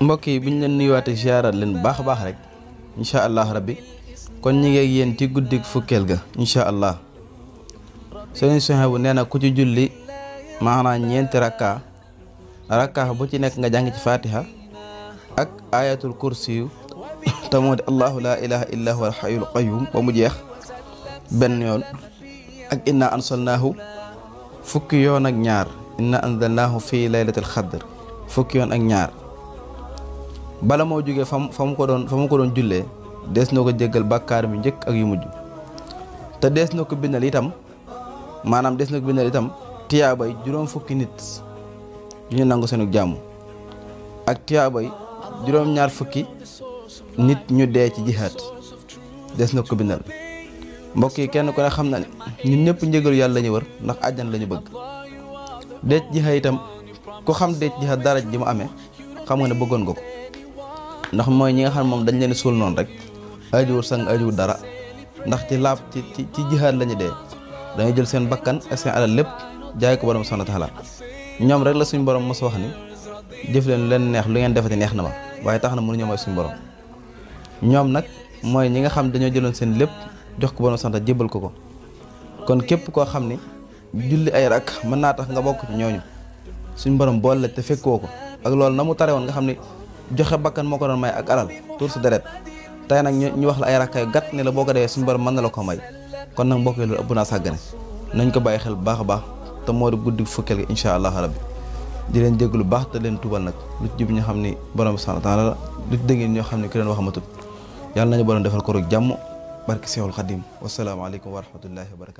mbokk yi bi ñu leen nuyuwaatee ziarat leen baax a baax rek incha allah rabbi kon ñu ngi ak ci guddik fukkeel ga incha allah sëriñ Souhaïbou nee na ku ci julli maanaam ñeenti rakka rakka bu ci nekk nga jàng ci fatiha ak ayatul kursiyu te moo allahu laa ilaha illa huwa alxayul qayum ba mu jeex benn yoon ak inna ansalnaahu fukki yoon ak ñaar inna anzalnaahu fii laylatil xadr fukki yoon ak ñaar bala moo jógee fa mu ko doon fa mu ko doon jullee dees na ko jéggal bàkkaar mi njëkk ak yu mujj te dees na ko bindal itam maanaam dees na ko bindal itam tiyaabay juróom fukki nit ñu nangu seenu jàmm ak tiyaabay juróom ñaar fukki nit ñu dee ci jihaat des na ko bindal mbokk yi kenn ku ne xam na ne ñun ñëpp njëgalu yàlla lañu wër ndax àjjan lañu bëgg deej jihaat itam ku xam deej jihaat dara ji mu amee xam nga ne bëggoon nga ko ndax mooy ñi nga xam moom dañu leen suul noonu rek ajuwul sang ajuwul dara ndax ci laab ci ci ci jihaad lañu dee dañuy jël seen bakkan ak seen alal lépp jaay ko borom subhaanahu wa taala ñoom rek la suñu borom mos wax ni jëf leen leen neex lu ngeen defati neex na ma waaye tax na mënuñoo mooy suñu borom ñoom nag mooy ñi nga xam dañoo jëloon seen lépp jox ko borom sant jébbal ko ko kon képp koo xam ni julli ay rak mën naa tax nga bokk ñooñ suñu borom boole te fekkoo ko ak loolu na tare woon nga xam ni joxe bakkan moo ko doon may ak alal tuur sa deret tey nag ñu wax la ay rakkaay gàtt ne la boo ko dee suñu borom mën na la ko may kon nag mbokk yi loolu ëpp naa sàggane nañ ko bàyyi xel bu baax a baax te moo di guddi fukkeel gi incha allah rabbi di leen jégg lu baax te leen tubal nag lu ci ñu xam ni borom subhanahu wa taala la lu ci dëngeen xam ne ki leen wax matut yàlla nañu borom defal ko rek jàmm barki seexul xadim wasalaamaaleykum wa rahmatullahi wa barakatu